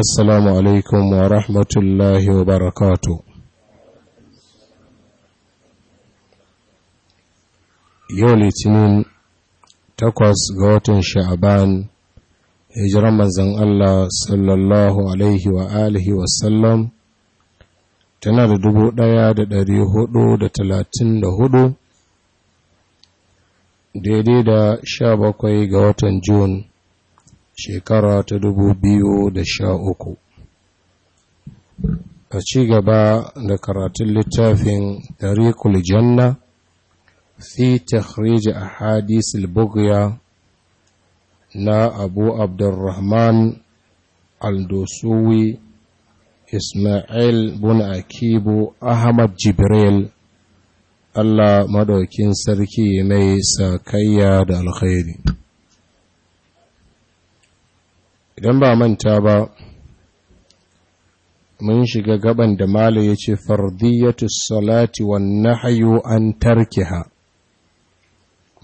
Assalamu alaikum wa rahmatullahi wa barakatu. Yau Litinin takwas ga watan Sha'aban, hijiran manzan Allah sallallahu tana da dubu ɗaya da ɗari hudu da talatin da hudu, daidai da sha bakwai ga watan Jun. shekara ta dubu biyu da sha uku. a ci gaba da karatun littafin tarikul janna fi takhrij ahadith al-bughya na abu abdurrahman al isma'il bun akibu ahmad jibril Allah madaukin sarki mai sakayya da alkhairi idan ba manta ba mun shiga gaban da mala ya ce fardiyatu salati wan nahyu an tarkiha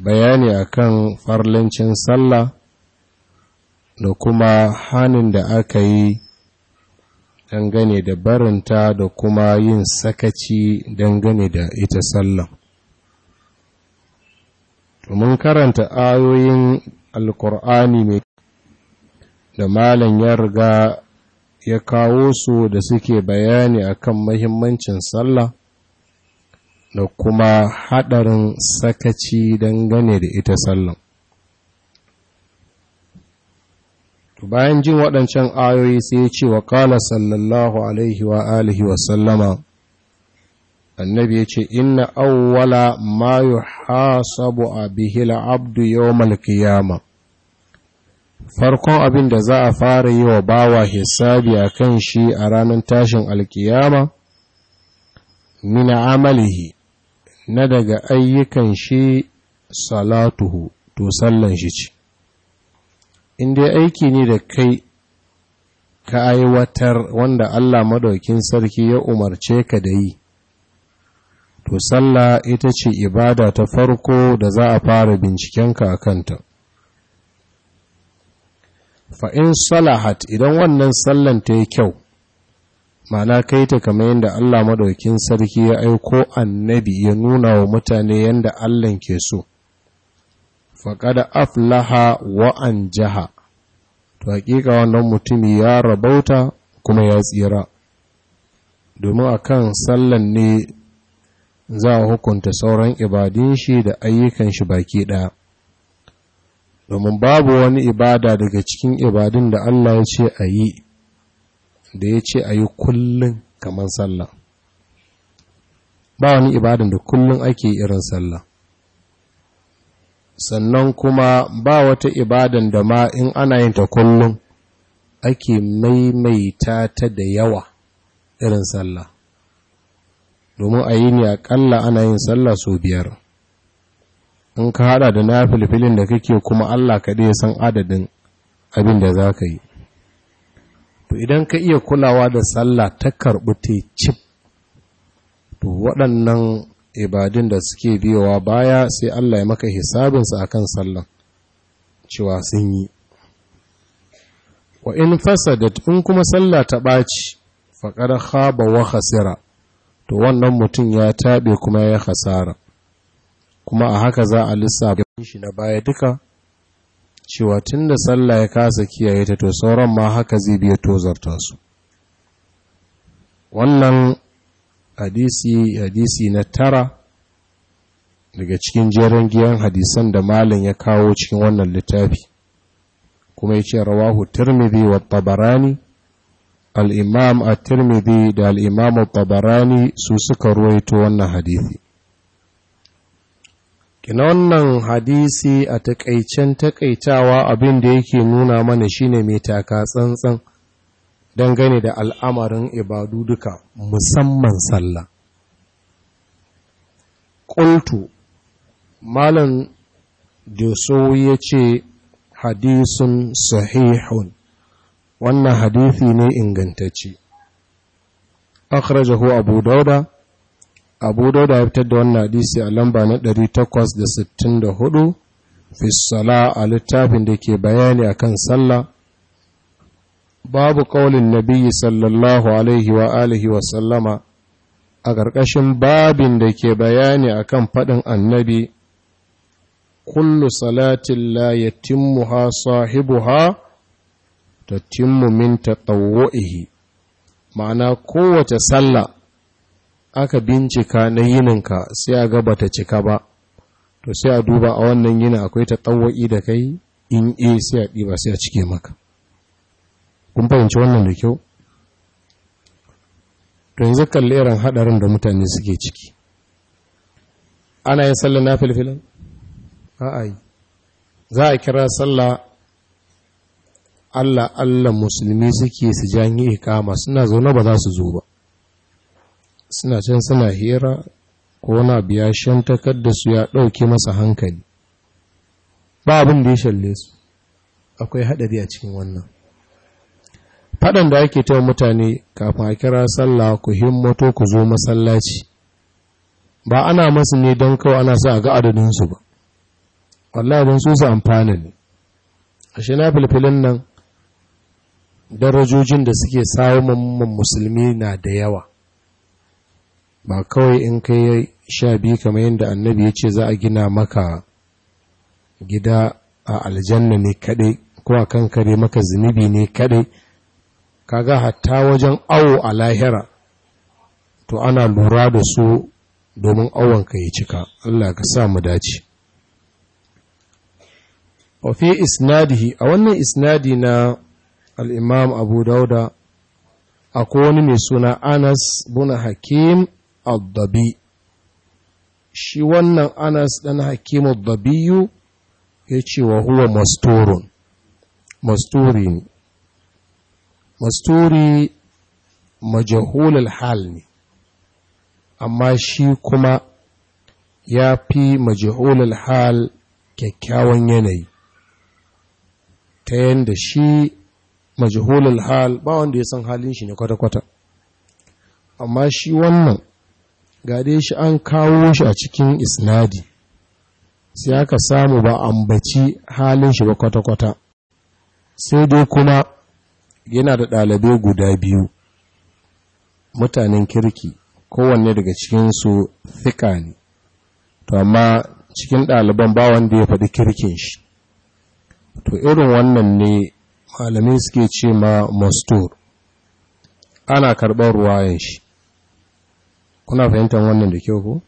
bayani akan farlancin sallah da kuma hanin da aka yi dangane da barinta da kuma yin sakaci dangane da ita sallah mun karanta ayoyin alkur'ani mai da malam ya riga ya kawo su da suke bayani akan mahimmancin sallah da kuma haɗarin sakaci dangane da ita sallan. Bayan jin waɗancan ayoyi sai ya ce wa ƙala sallallahu alaihi wa alihi wa sallama, annabi ya ce, Inna awwala ma yuhasabu hasabu a bihila abdu yau malkiyama. farkon abin da za a fara yi wa bawa hisabi a kan shi a ranar tashin alkiyama mina amalihi na daga ayyukan shi salatuhu to sallan shi ce inda aiki ne da kai ka aiwatar wanda Allah madaukin sarki ya umarce ka da yi to sallah ita ce ibada ta farko da za a fara bincikenka a kanta fa'in salahat idan wannan sallan ta yi kyau ma'ana kai ta kamar yadda Allah madaukin sarki ya aiko annabi ya nuna wa mutane yadda Allah ke so faƙada aflaha wa'an jiha, to haƙiƙa wannan mutumi ya rabauta kuma ya tsira domin a kan sallan ne za a hukunta sauran ibadin shi da ayyukan shi baki ɗaya domin babu wani ibada daga cikin ibadun da Allah ya ce a yi da ya ce a yi kullum kamar sallah ba wani ibadan da kullum ake irin sallah sannan kuma ba wata ibadan da ma in ana yin ta kullum ake maimaita ta da yawa irin sallah domin a yi ne aƙalla ana yin sallah sau biyar in ka hada da na filfilin da kake kuma Allah kaɗai ya san adadin abin da za ka yi to idan ka iya kulawa da sallah ta karɓi te cip to waɗannan ibadun da suke biyowa baya sai Allah ya maka hisabinsa a kan sallan cewa sun yi wa in fasadat in kuma sallah ta ɓaci faƙar haba wa hasira to wannan mutum ya taɓe kuma ya hasara kuma a haka za a lissafa shi na baya duka cewa tun da sallah ya kasa kiyaye ta to sauran ma haka zai biya tozarta su wannan hadisi hadisi na tara daga cikin jerin giyan hadisan da malin ya kawo cikin wannan littafi kuma ya ce rawahu tirmidhi wa tabarani al-imam at da al-imam su suka ruwaito wannan hadisi kina wannan hadisi a takaicen taƙaitawa abin da yake nuna mana shine mai taka tsantsan dangane da al'amarin ibadu duka musamman sallah ƙultu malam joso ya ce hadisun sahihun wannan hadisi ne ingantacce akhrajahu abu dauda abu dauda ya fitar da wannan hadisi a lamba na 864 fi sala a littafin da ke bayani akan sallah babu kaulin nabiyyi sallallahu alaihi wa alihi wa sallama a ƙarƙashin babin da ke bayani akan faɗin annabi kullu salatin la ya yatimmuha sahibuha timmu min tatawwu'ihi ma'ana kowace sallah aka bincika na yininka sai a gaba ta cika ba to sai a duba a wannan yinin akwai ta tsawo'i da kai in e sai a ɗiba sai a cike maka kun fahimci wannan da kyau to yanzu kalli irin haɗarin da mutane suke ciki ana yin sallar na filfilan a'ayi za a kira sallah Allah Allah musulmi suke su janyi ikama suna zaune ba za su zo ba suna can suna hira ko na biya shantakar da su ya ɗauki masa hankali ba abin da ya shalle su akwai haɗari a cikin wannan faɗan da ake ta mutane kafin a kira sallah ku himmato ku zo masallaci ba ana masu ne don kawai ana sa a ga adadinsu ba wallahi don su su amfana ne ashe na filfilin nan darajojin da suke samun musulmi na da yawa ba kawai in kai sha biyu kamar yadda annabi ya ce za a gina maka gida a aljanna ne kaɗai ko a kan kare maka zunubi ne kaɗai kaga hatta wajen awo a lahira to ana lura da su domin awon ka ya cika Allah ka sa mu dace wa fi isnadihi a wannan isnadi na al abu dauda akwai wani mai suna anas buna hakim الضبي شي wannan anas ɗan hakim al dabi ya ce wa huwa masturun masturi ne masturi al hal ne amma shi kuma ya fi al hal kyakkyawan yanayi ta yadda shi al hal ba wanda ya san halin shi ne kwata-kwata amma shi wannan gade shi an kawo shi a cikin isnadi sai aka samu ba ambaci halin shi ba kwata-kwata sai dai kuma yana da ɗalibai guda biyu mutanen kirki kowanne daga cikin su fiƙa ne to amma cikin ɗaliban ba wanda ya faɗi kirkin shi to irin wannan ne malamai suke ce ma mastur ana karɓar ruwayen shi kuna fahimtar wannan da kyau ko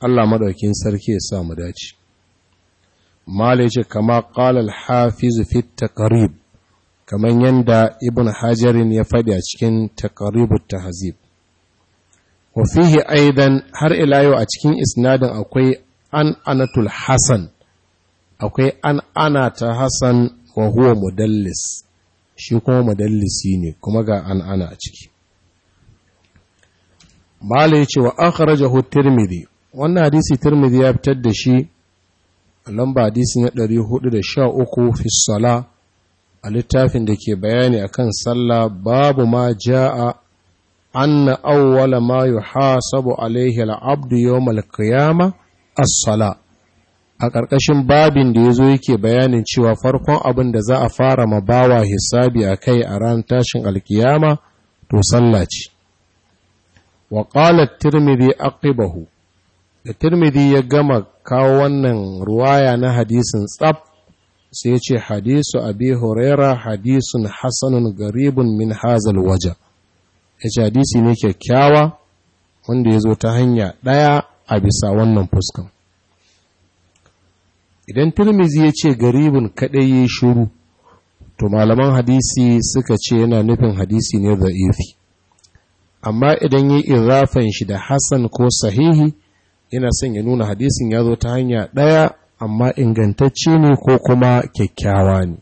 Allah madaukin sarki ya sa mu dace malai ce kama qala al-hafiz fi taqrib kaman yanda ibn hajarin ya fadi a cikin taqribut tahzib wa fihi aidan har ila yau a cikin isnadin akwai an anatul hasan akwai an ana ta hasan wa huwa mudallis shi kuma mudallisi ne kuma ga an ana a ciki mala ya ce wa hu? tirmidhi wannan hadisi tirmidhi ya fitar da shi a lamba hadisi na 413 fi sala a littafin da ke bayani akan sallah babu ma jaa anna awwala ma yuhasabu alaihi al-abdu yawm al a as a ƙarƙashin babin da ya zo yake bayanin cewa farkon abin da za a fara ma bawa hisabi a kai a ran tashin alkiyama to sallah ce wa ƙalar tirmidhi da tirmidhi ya gama kawo wannan ruwaya na hadisin tsaf sai ya ce hadisu abi huraira hadisun hasanun garibun min hazal waja ya hadisi ne kyakkyawa wanda ya zo ta hanya ɗaya a bisa wannan fuskan idan turmizi ya ce garibin kaɗai ya shuru to malaman hadisi suka ce yana nufin hadisi ne da ifi amma idan yi irrafan shi da Hassan ko sahihi yana son ya nuna hadisin ya zo ta hanya ɗaya amma ingantacce ne ko kuma kyakkyawa ne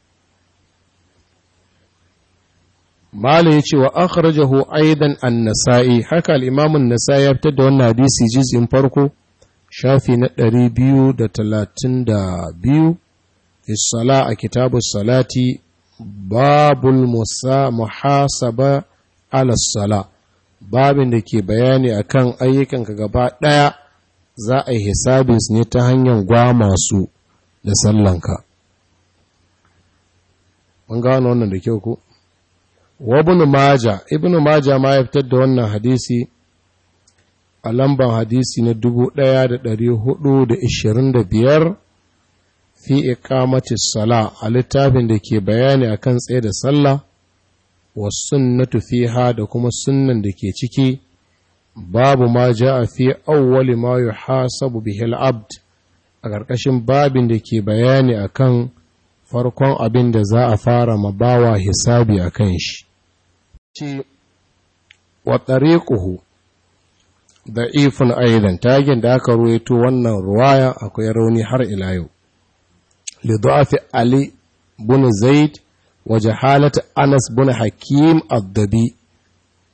mala ya ce wa akhrajahu aidan an-nasa'i haka al'imamun nasai ya fitar da wannan hadisi jizin farko shafi na 232 Isala sala a kitabu salati babul musa muhasaba ala babin da ke bayani akan ayyukanka gaba ɗaya za a yi su ne ta hanyar gwama su da sallanka mun gano wannan da kyau ku wabin maja ibn maja ma ya fitar da wannan hadisi a lamban hadisi na 1425 fi ikamatis sala a littafin da ke bayani akan tsaye da sallah wasunnatu fiha da kuma sunnan da ke ciki babu ma ja'a fi awwali ma yuhasabu bihi al a ƙarƙashin babin da ke bayani akan farkon abin da za a fara mabawa hisabi akan shi ce wa tariquhu da ifin aidan tagin da aka ruwaito wannan ruwaya akwai rauni har ila yau li ali bin zaid wa jahalata Anas bin Hakim ad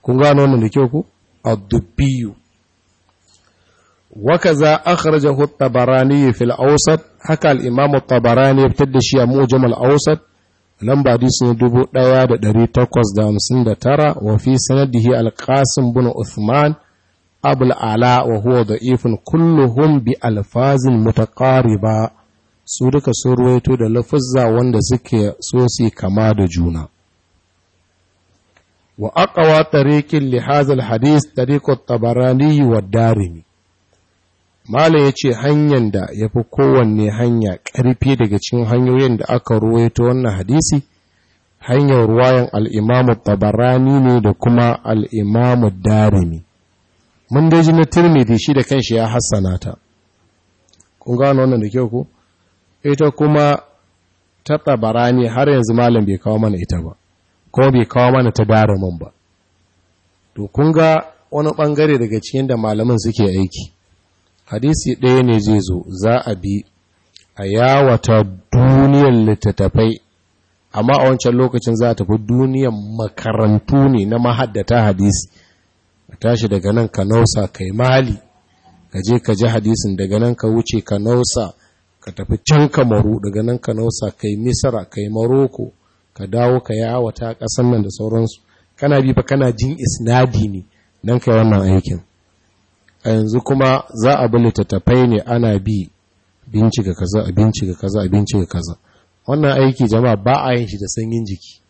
kun gano wannan da kyau ku waka dabi wa kaza akhrajahu At-Tabarani fi al haka al-Imam At-Tabarani ya fitar da shi a Mujam al da lamba hadisi ne 1859 wa fi sanadihi al-Qasim bin Uthman Abul Ala wa huwa da'ifun kulluhum bi alfazin ba. su duka sun ruwaito da lafazza wanda suke so su kama da juna wa aqwa tariqin li hadha al hadith tabarani wa darimi Malam ya ce hanyar da ya fi kowanne hanya ƙarfi daga cikin hanyoyin da aka ruwaito wannan hadisi, hanyar ruwayan al'imamu tabarani ne da kuma al'imamu darimi. Mun daji na tirmidi shi da kanshi ya hassana ta. Kun gano wannan da kyau ku? ita kuma ta ne har yanzu malam bai kawo mana ita ba ko bai kawo mana ta darumin ba to kun ga wani ɓangare daga cikin da malamin suke aiki hadisi ɗaya ne zai zo za a bi a yawata duniyar littattafai amma a wancan lokacin za a tafi duniyar makarantu ne na mahaddata hadisi ka tashi daga nan ka nausa kai mali ka je ka ji hadisin daga nan ka wuce ka nausa ka tafi can kamaru daga nan ka nausa kai misra kai maroko ka dawo ka yawata ƙasan nan da sauransu kana bi ba kana jin isnadi ne dan kai wannan aikin a yanzu kuma za a bi litattafai ne ana bi bincika kaza a bincika kaza a bincika kaza wannan aiki jama'a ba a yin shi da sanyin jiki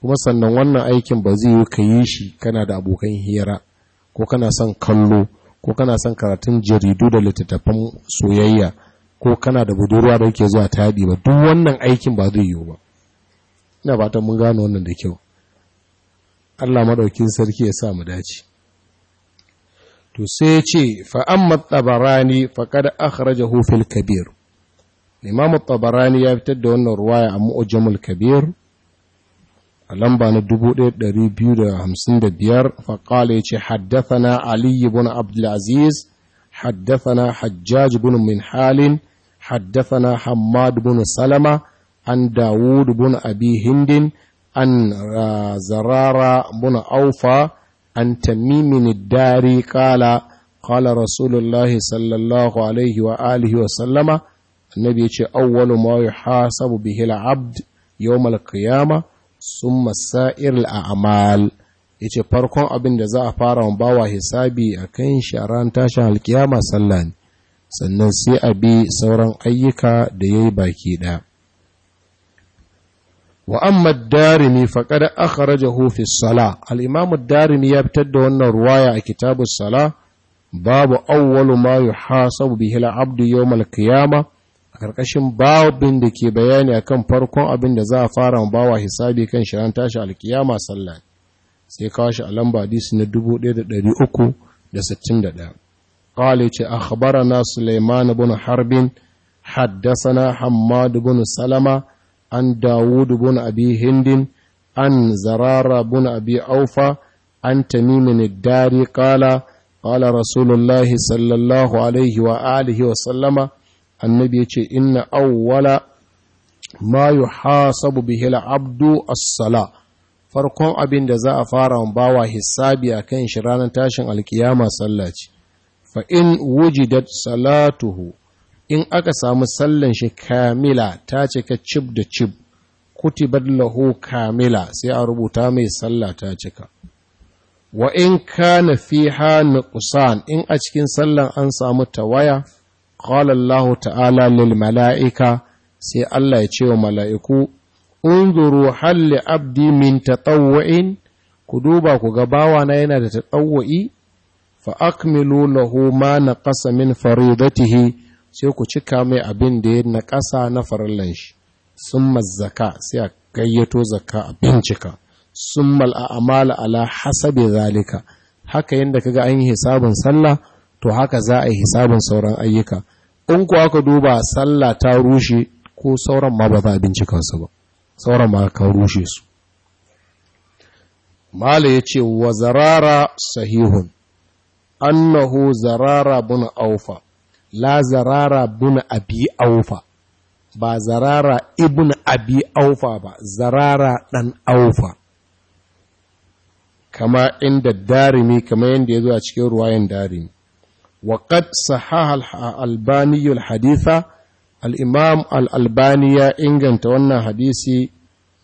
kuma sannan wannan aikin ba zai yi ka yi shi kana da abokan hira ko kana son kallo ko kana son karatun jaridu da littattafan soyayya ko kana da budurwa da yake zuwa taɗi ba duk wannan aikin ba zai yiwu ba ina fatan mun gano wannan da kyau Allah madaukin sarki ya sa mu dace to sai ya ce fa amma tabarani faqad akhrajahu fil kabir Imam tabarani ya fitar da wannan ruwaya a Mu'jamul Kabir a lamba na 1255 fa qala ce haddathana Ali ibn Abdul Aziz حدثنا حجاج بن من حال حدثنا حماد بن سلمة عن داود بن أبي هند عن زرارة بن أوفى عن تميم الداري قال قال رسول الله صلى الله عليه وآله وسلم النبي يقول أول ما يحاسب به العبد يوم القيامة ثم سائر الأعمال ya ce farkon abin da za a fara wa bawa hisabi a kan sharan tashin alkiyama sallah sannan sai a bi sauran ayyuka da ya yi baki ɗaya wa amma darimi aka raja sala al-imam darimi ya fitar da wannan ruwaya a kitabun sala babu Auwalu ma yuhasabu bihi abdu yau malkiyama a ƙarƙashin babin da ke bayani akan farkon abin da za a fara bawa hisabi kan shirin tashi alkiyama sallah sai kawo shi a lamba hadisi na 1361 kawai ce a khabara na suleiman bin harbin haddasana hamad bin salama an dawud bin abi hindin an zarara bin abi aufa an tamimin dari kala kala rasulullah sallallahu alaihi wa alihi wa sallama annabi ce inna auwala ma yuhasabu bihi al-abdu as-salah farkon abin da za a fara wa bawa hisabi a kan shi ranar tashin alkiyama sallah ce fa in wujidat salatuhu in aka samu sallan shi kamila ta cika cib da cib kutibat lahu kamila sai a rubuta mai sallah ta cika wa in kana fiha nuqsan in a cikin sallan an samu tawaya qala Allah ta'ala lil mala'ika sai Allah ya ce wa mala'iku unzuru halli abdi min tatawwa'in ku duba ku ga bawana yana da tatawwa'i fa akmilu lahu ma naqasa min faridatihi sai ku cika mai abin da ya naƙasa na farallan shi summa zaka sai a gayyato zaka a bincika summa al'amala ala hasabi zalika haka yanda kaga an yi hisabin sallah to haka za a yi hisabin sauran ayyuka in kuwa ka duba sallah ta rushe ko sauran ma ba za a bincika ba sauran ma ka rushe su mala ya ce wa zarara sahihun annahu zarara buna aufa la zarara buna abi aufa ba zarara ibn abi aufa ba zarara dan aufa kama inda darimi kama yadda ya zo a cikin ruwayan darimi وقد صحح الألباني الحديث al'imam al'albani ya inganta wannan hadisi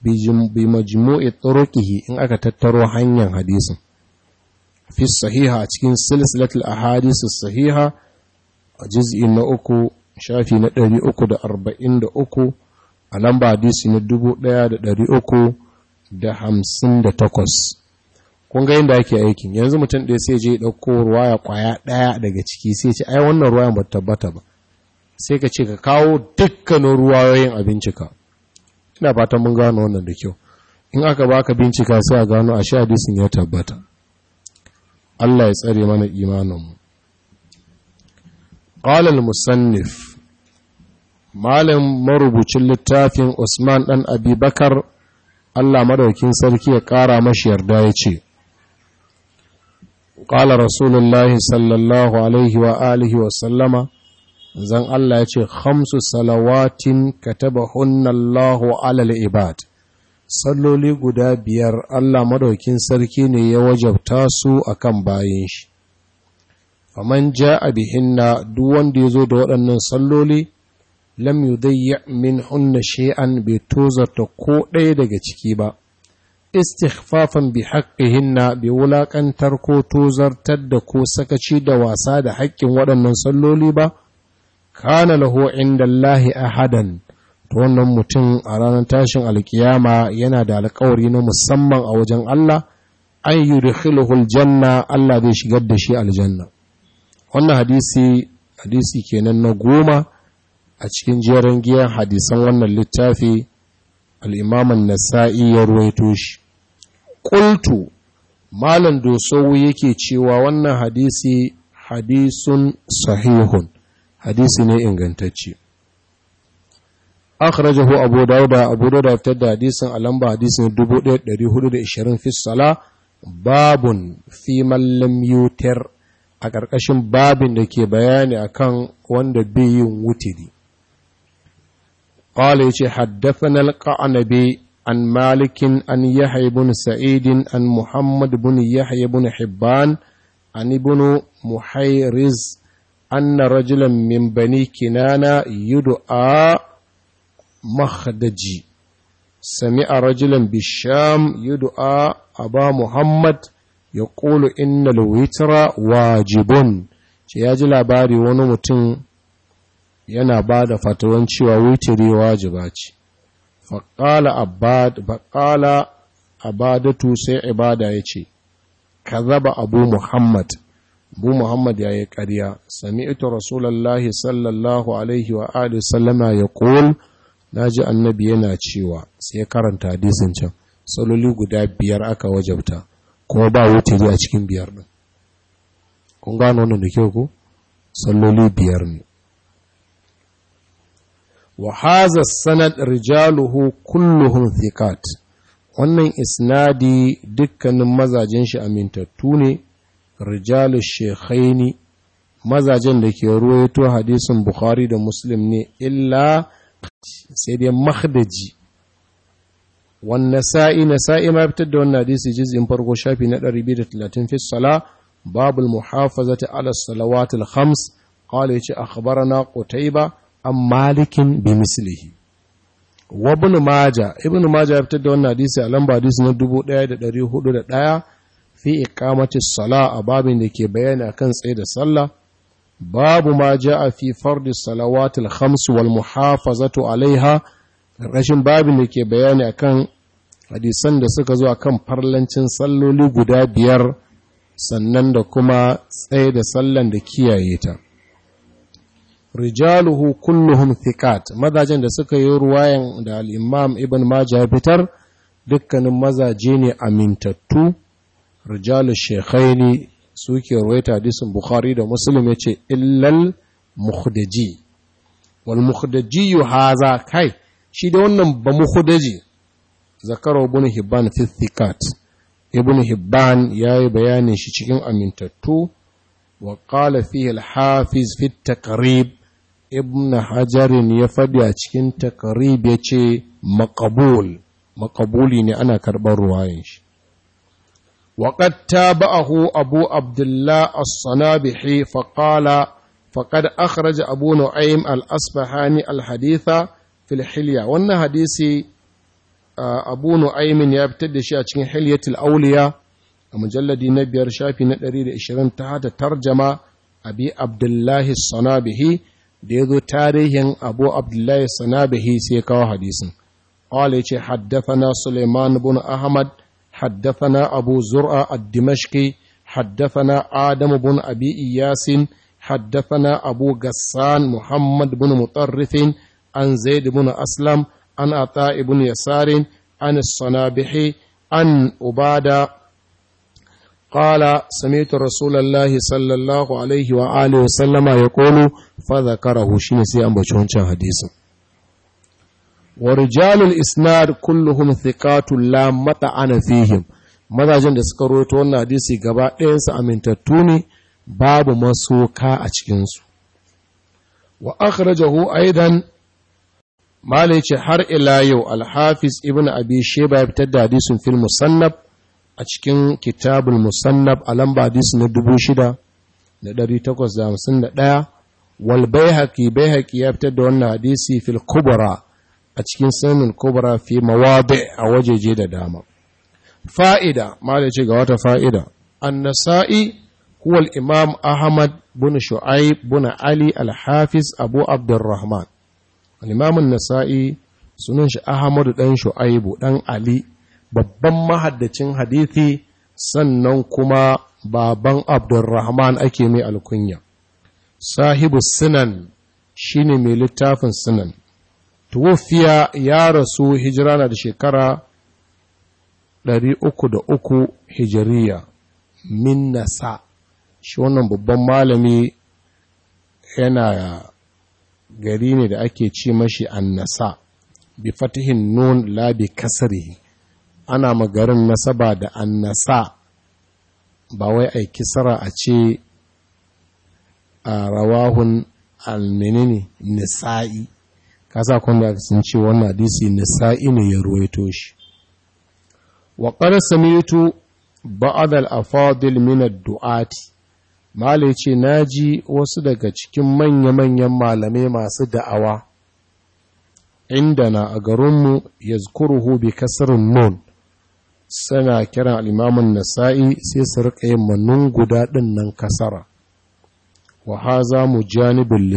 bi majmu'i turuqihi in aka tattaro hanyar hadisin fi sahiha a cikin A ahadith sahiha a juz'i na uku shafi na uku, a lamba hadisi na takwas. kun ga yadda ake aikin yanzu mutum ɗaya sai je ɗauko ruwaya ƙwaya ɗaya daga ciki sai ce ai wannan ruwayan ba tabbata ba sai ka ce ka kawo dukkanin ruwayoyin a bincika ina fatan mun gano wannan da kyau in aka baka bincika sai a gano a shi hadisin ya tabbata Allah ya tsare mana imaninmu qala al-musannif malam marubucin littafin Usman ɗan Abubakar Allah madaukin sarki ya kara mashi yarda yace kala rasulullahi sallallahu alaihi wa alihi wa sallama zan Allah ya ce Hamsu salawatin katabahunna hunnallahu alal ibad salloli guda biyar Allah madaukin sarki ne ya wajabta su akan bayan shi faman ja'a bihinna duk wanda ya zo da waɗannan salloli lam yudayya hunna shay'an bai tozarta ko ɗaya daga ciki ba istighfafan bi haqqihinna bi wulaƙantar ko tozartar da ko sakaci da wasa da haƙƙin waɗannan salloli ba kana lahu inda Allahi ahadan to wannan mutum a ranar tashin alkiyama yana da alkawari na musamman a wajen Allah an yi rikhiluhul janna Allah zai shigar da shi aljanna wannan hadisi hadisi kenan na goma a cikin jerin giyan hadisan wannan littafi al'imaman nasa'i ya ruwaito shi ƙultu malam dosowu yake cewa wannan hadisi hadisun sahihun hadisi ne ingantacce akhrajahu abu dauda abu dauda fitar da hadisin a lamba hadisin 1420 fi sala babun fi mallam yutar a ƙarƙashin babin da ke bayani akan wanda bai yin wutiri قال يجي حدثنا القعنبي عن مالك an يحيى بن سعيد عن محمد بن يحيى بن حبان عن ابن محيرز anna rajulan min bani kinana yud'a makhdaji sami'a rajulan bisham yud'a aba muhammad ya ƙulu innal witra wajibun ce ya ji labari wani mutum yana ba da fatawan cewa witiri wajiba ce Baƙala abadatu sai ibada ya ce ka zaba abu muhammad bu muhammad ya yi ƙarya sami'tu Rasulallah sallallahu alaihi wa alihi sallama ya Na ji annabi yana cewa sai karanta hadisin can saloli guda biyar aka wajabta kuma ba wutiri a cikin biyar ɗin. kun gano wannan da kyau ku? saloli biyar ne wa haza sanad rijaluhu kulluhun thiqat wannan isnadi dukkanin mazajen shi amintattu ne rijalu shekhaini mazajen da ke ruwaito hadisin bukhari da muslim ne illa sai dai mahdaji Wanne sa'i na sa'i ma fitar da wannan hadisi jizin farko shafi na 230 fi sala babul muhafazati ala salawatul khams qala yace akhbarana qutayba an malikin bi mislihi wa ibn majah ibn majah ya fitar da wannan hadisi a lamba hadisi na 1401 fi iqamati sala a babin da ke bayani kan tsaye da sallah babu ma ja a fi fardis salawatul khams wal muhafazatu alaiha rashin babin da ke bayani akan hadisan da suka zo kan farlancin salloli guda biyar sannan da kuma tsaye da sallan da kiyaye ta rijaluhu kulluhum thiqat mazajen da suka yi ruwayan da al-imam ibn majah fitar dukkanin mazaje ne amintattu rijalu shekhaini suke ruwaita hadisin bukhari da muslim ya ce illal muhdaji wal muhdaji haza kai shi da wannan ba muhdaji zakarau ibn hibban fi thiqat ibn hibban yayi bayanin shi cikin amintattu wa qala fihi al hafiz fi taqrib ya faɗi a cikin takarib yace maqbul maqbuli ne ana karɓar ruwayan shi وقد تابعه أبو عبد الله الصنابحي فقال فقد أخرج أبو نعيم الأصبهاني الحديث في الحلية وأن حديثي أبو نعيم يبتدي شيئا عن حلية الأولياء مجلد نبي رشافي ندري إشرين تحت ترجمة أبي عبد الله الصنابحي ديذو تاريخ أبو عبد الله الصنابحي سيكاو حديث قال حدثنا سليمان بن أحمد حدثنا أبو زرع الدمشقي حدثنا آدم بن أبي إياس حدثنا أبو غسان محمد بن مطرف عن زيد بن أسلم عن عطاء بن يسار عن الصنابحي عن عبادة قال سمعت رسول الله صلى الله عليه وآله وسلم يقول فذكره شنسي أنبشون حديثه wa rijalul كلهم kulluhum لا la mata'ana فيهم mazajen da suka rawaito wannan hadisi gaba su amintattu ne babu masoka a cikinsu wa akhrajahu aidan malai ce har ila yau alhafiz ibn abi shayba ya fitar da hadisin fil musannab a cikin kitabul musannab a lamba hadisi na 6851 wal baihaqi baihaqi ya fitar da wannan hadisi fil kubra a cikin sanin kubra fi a a wajeje da dama fa'ida ma da ce ga wata fa'ida annasa'i nasa'i kuwal imam ahmad bin shu'aib bin ali alhafiz abu abdurrahman Alimamin nasai sunan shi ahmad dan shu'aibu dan ali babban mahaddacin hadithi sannan kuma baban abdurrahman ake mai alkunya sahibu sunan shine mai littafin sunan tuwafiya ya rasu hijira na da shekara 303 hijiriya min nasa shi wannan babban malami yana gari ne da ake ce mashi annasa bi fatihin nun labi kasri ana magarin nasaba da annasa ba wai aiki kisra a ce a rawahun almenene nisa'i kasa kwanda aka sun ce wannan hadisi sa'i ne ya ruwaito shi wa qad sami'tu ba'd al-afadil min ad-du'ati Mali ce naji wasu daga cikin manya-manyan malamai masu da'awa indana a garinmu yazkuruhu bi kasrin nun Sana kiran an nasa'i sai su riƙa yin manun guda ɗinnan nan kasara, wa haza mu janibin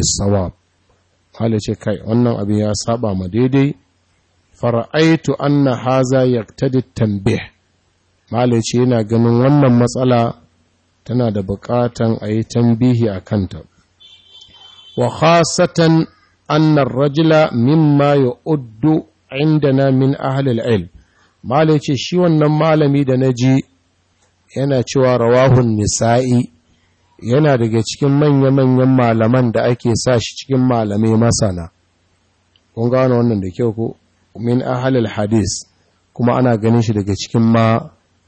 kala ce kai wannan abin ya saba ma daidai fara'aitu anna haza yaktadi tambe mala ce yana ganin wannan matsala tana da bukatan a yi tambihi a kanta wa khasatan anna rajula mimma inda na min ahalil ail ilm ce shi wannan malami da na ji yana cewa rawahun nisa'i yana daga cikin manya-manyan malaman da ake sa shi cikin malamai masana kun gano wannan da kyau ku? min ahalil hadis kuma ana ganin shi daga cikin ma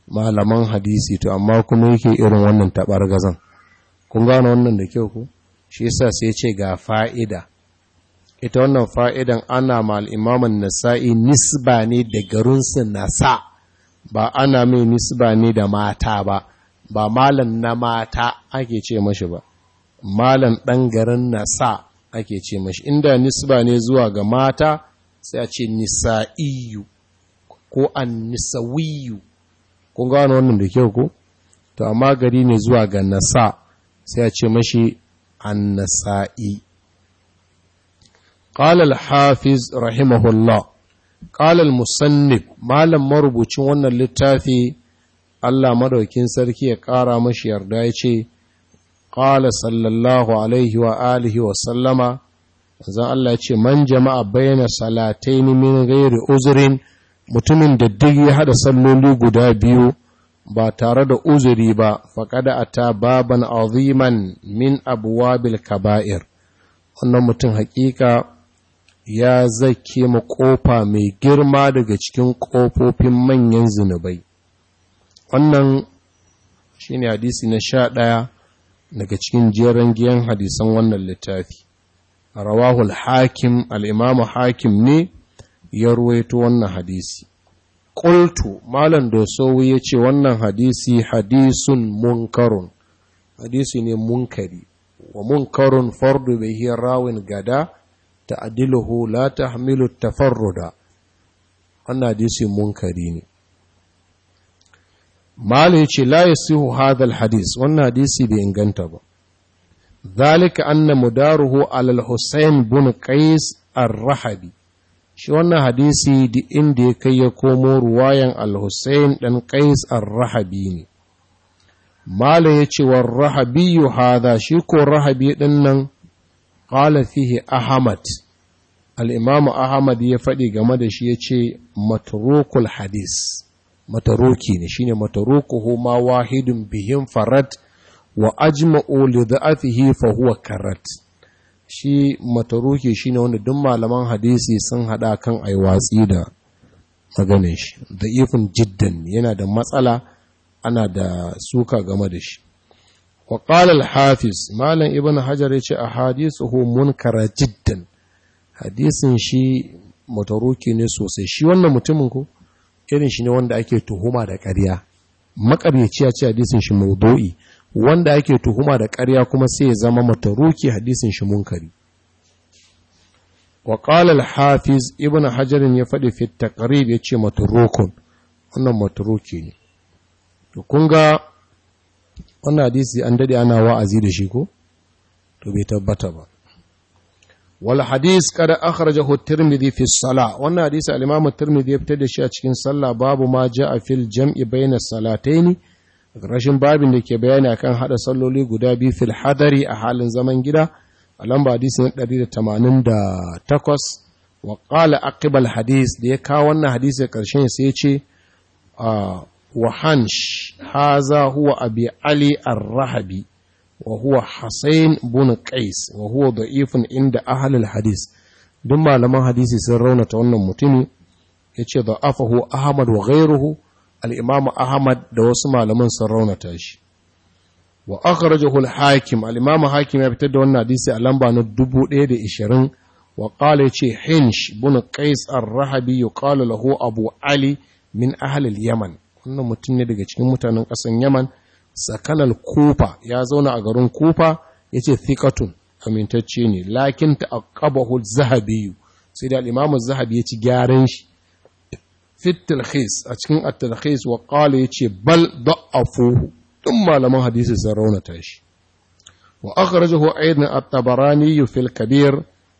malaman hadisi to amma kuma yake irin wannan taɓar-gazan. kun gano wannan da kyau ku? shi yasa sai ce ga fa'ida ita wannan fa'idan ana mal imaman nasai nisba ne da garinsu nasa ba ana mai nisba ne da mata ba ba malan na mata ake ce mashi ba malan ɗan garin nasa ake ce mashi inda nisba ne zuwa ga mata sai a ce nisa'iyu ko an nisawiyu kun gano wannan da kyau ko to amma gari ne zuwa ga nasa sai a ce mashi an nasa'i قال الحافظ رحمه الله قال المصنف مالم wannan littafi Allah madaukin sarki ya ƙara mashi yarda ya ce, Ƙala sallallahu alaihi wa alihi wa sallama, zan Allah ce, Man jama'a bayyana salatai min gairi uzurin mutumin da duk ya haɗa salloli guda biyu ba tare da uzuri ba, faƙada a ta baban aziman min bilka kaba'ir. Wannan mutum haƙiƙa ya zake ma ƙofa mai girma daga cikin ƙofofin manyan zunubai. wannan shi ne hadisi na sha ɗaya daga cikin jeren giyan hadisan wannan littafi rawahul hakim al'imamu hakim ne ya ruwaito wannan hadisi ƙultu malam doso ya ce wannan hadisi hadisun munkarun hadisi ne munkari wa munkarun fardu bihi rawin gada ta la ta tafarruda wannan hadisi munkari ne malai ce la yasihu hadal hadis wannan hadisi bai inganta ba zalika anna mudaruhu ala alhusain bin qais ar-rahabi shi wannan hadisi da inda ya kai ya komo ruwayan al-husayn dan qais ar-rahabi ne malai ya ce war rahabi hadha shi ko rahabi din nan qala fihi ahmad al-imam ahmad ya faɗi game da shi yace ce matrukul hadis mataroki ne shine matarokuhu ma wahidun bihin farat wa ajma'u li da'atihi fa huwa karat shi mataroki shine wanda duk malaman hadisi sun hada kan ai watsi da maganin shi da'ifun jiddan yana da matsala ana da suka game da shi wa qala al-hafiz malam ibn hajar yace ahadithu munkara jiddan hadisin shi mataroki ne sosai shi wannan mutumin ko irin shi ne wanda ake tuhuma da ƙarya makaryaci ya ce hadisin shi maudu'i wanda ake tuhuma da ƙarya kuma sai ya zama mataruki hadisin shi munkari wa qala al-hafiz ibn hajar ya faɗi fi taqrib yace matrukun wannan matruki ne to kun ga wannan hadisi an dade ana wa'azi da shi ko to bai tabbata ba wal hadis kada akhrajahu at-tirmidhi fi wannan hadisi al-imam ya fita da shi a cikin sallah babu ma a fil jam'i bayna salataini rashin babin da ke bayani akan haɗa saloli guda biyu fil hadari a halin zaman gida a lamba hadisi da 188 wa qala aqibal hadis da ya kawo wannan hadisi karshen sai ya ce ah, wa hansh haza huwa abi ali ar-rahabi wa huwa Hussein bin Qais wa huwa da'ifun inda ahlul hadis duk malaman hadisi sun raunata wannan mutumi yace da'afahu Ahmad wa ghayruhu al-Imam Ahmad da wasu malaman sun raunata shi wa akhrajahu al-Hakim al-Imam Hakim ya fitar da wannan hadisi a lamba na da wa qala yace Hinsh bin Qais ar-Rahabi yuqalu lahu Abu Ali min ahlil yaman wannan mutum ne daga cikin mutanen ƙasar Yaman Sakanan kufa ya zauna a garin kufa ya ce thikatun amintacce ne lakin ta aqabahu zahabiyu sai da imamu zahabi ya ci gyaran shi fit talhis a cikin at-talhis wa qala yace bal da'afuhu duk malaman hadisi sun raunata shi wa akhrajahu aidan at-tabarani fil kabir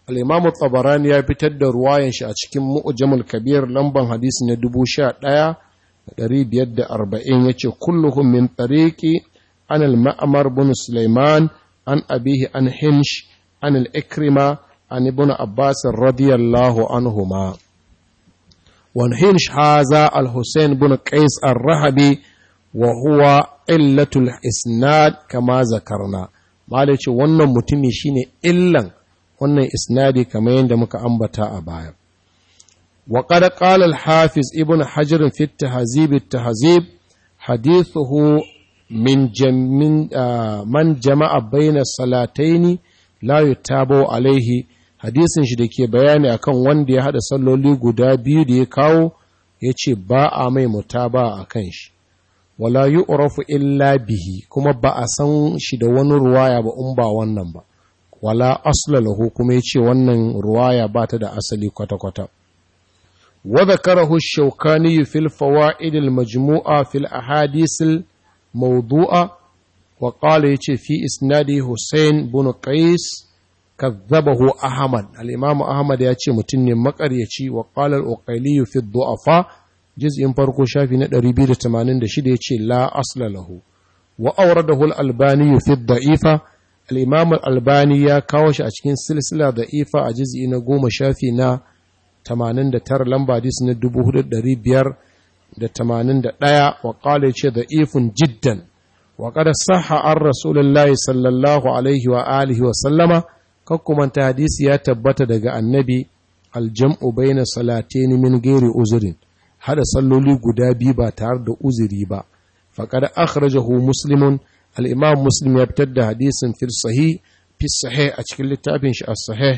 al-imam at-tabarani ya fitar da ruwayan shi a cikin mu'jamul kabir lamban hadisi na 11 540 yace kulluhu min tariqi an al ma'amar bin Sulaiman an abihi an Hinsh an al-Ikrima an ibn Abbas radiyallahu anhuma wa Hinsh haza al-Husayn bin Qais ar-Rahabi wa huwa illatul isnad kama zakarna malai ce wannan mutumi shine illan wannan isnadi kamar yadda muka ambata a baya wa qad hafiz ibn hajar fi at-tahzib at-tahzib hadithuhu man jama'a bayna salataini la alaihi hadisin shi da ke bayani akan wanda ya haɗa salloli guda biyu da ya kawo yace ba a mai a kan shi wala urafu illa bihi kuma ba a san shi da wani ruwaya ba in ba wannan ba wala aslalahu kuma kuma yace wannan ruwaya ba ta da asali kwata-kwata وذكره الشوكاني في الفوائد المجموعة في الأحاديث الموضوعة وقال يتي في إسناده حسين بن قيس كذبه أحمد الإمام أحمد يتي متن مقر يتي وقال الأقيلي في الضعفاء جزء فرق شافي ندري بير تمانين يتي لا أصل له وأورده الألباني في الضعيفة الإمام الألباني يا كاوش أشكين سلسلة ضعيفة أجزء نقوم شافي نا 89 lamba hadisi na 4581 wa qala yace da ifun jiddan wa qad sahha ar rasulullahi sallallahu alaihi wa alihi wa sallama kakkumanta hadisi ya tabbata daga annabi aljam'u bayna salatayn min gairi uzrin hada salloli guda biyu ba tare da uzuri ba faqad akhrajahu muslimun al-imam muslim ya fitar da hadisin fil fi sahih a cikin littafin shi a sahih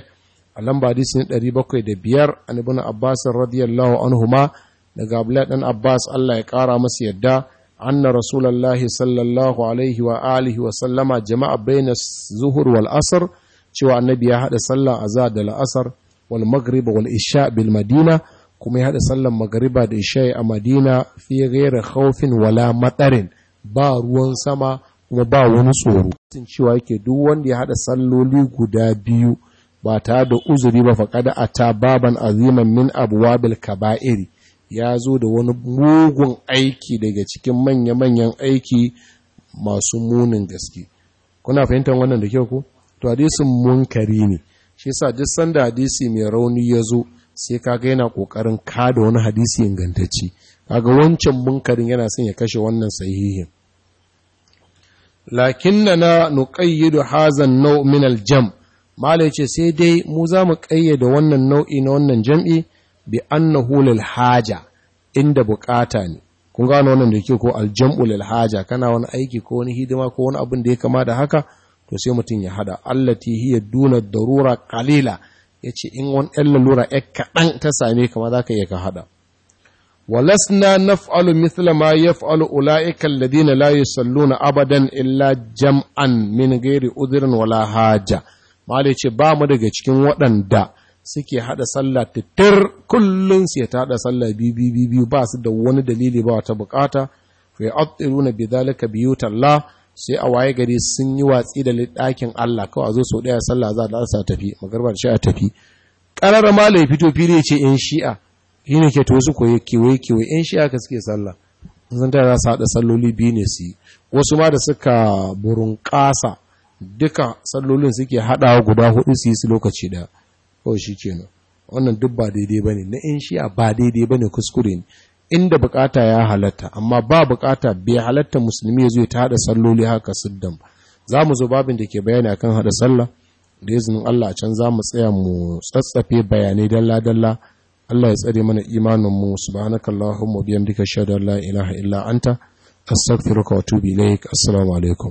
a lamba hadisi na 705 an ibn Abbas radiyallahu anhuma daga Abdullah dan Abbas Allah ya kara masa yadda anna rasulullahi sallallahu alaihi wa alihi wa sallama jama'a baina zuhur wal asr cewa annabi ya hada sallah azza da la'asar wal maghrib wal isha bil madina kuma ya hada sallan magriba da isha a madina fi ghairi khawfin wala matarin ba ruwan sama kuma ba wani tsoro cewa yake duk wanda ya hada salloli guda biyu ba ta da uzuri ba faƙada a ta baban aziman min abuwabil kaba'iri ya zo da wani mugun aiki daga cikin manya-manyan aiki masu munin gaske kuna fahimtar wannan da kyau ku to hadisin munkari ne shi yasa duk sanda hadisi mai rauni ya zo sai kaga yana kokarin kada wani hadisi ingantacce kaga wancan munkarin yana son ya kashe wannan sahihin lakinnana nuqayyidu hazan naw min al-jam' malai ya ce sai dai mu za mu ƙayyade wannan nau'i na wannan jam'i bi annahu lil haja inda bukata ne kun gano wannan da ke ko aljam'u lil haja kana wani aiki ko wani hidima ko wani abin da ya kama da haka to sai mutum ya hada allati hiya duna darura qalila yace in wani ɗan lalura kaɗan ta same ka ma za ka iya ka hada walasna naf'alu mithla ma yaf'alu ulaika alladhina la yusalluna abadan illa jam'an min ghairi udhrin wala haja. malai ce ba mu daga cikin waɗanda suke hada sallah tattar kullum su ta hada sallah biyu biyu ba su da wani dalili ba wata bukata fa ya'tiruna biyu biyutallah sai a waye gari sun yi watsi da ɗakin Allah kawai a zo sau ɗaya sallah za a sa tafi magarba da shi a tafi ƙarar malai fito fili ce in shi'a shi ne ke tosu koyi kewaye kewaye in shi'a ka suke sallah sun tara su haɗa salloli biyu ne su yi wasu ma da suka burin ƙasa duka sallolin suke haɗawa guda hudu su yi su lokaci da kawai shi kenan wannan duk ba daidai ne na in shi ba daidai bane kuskure ne inda bukata ya halatta amma ba bukata bai halatta musulmi zai ta hada salloli haka siddan za mu zo babin da ke bayani akan hada sallah da izinin Allah a can za mu tsaya mu tsatsafe bayanai dalla dalla Allah ya tsare mana imanin mu subhanakallahumma bihamdika shada la ilaha illa anta astaghfiruka wa atubu ilaik assalamu alaikum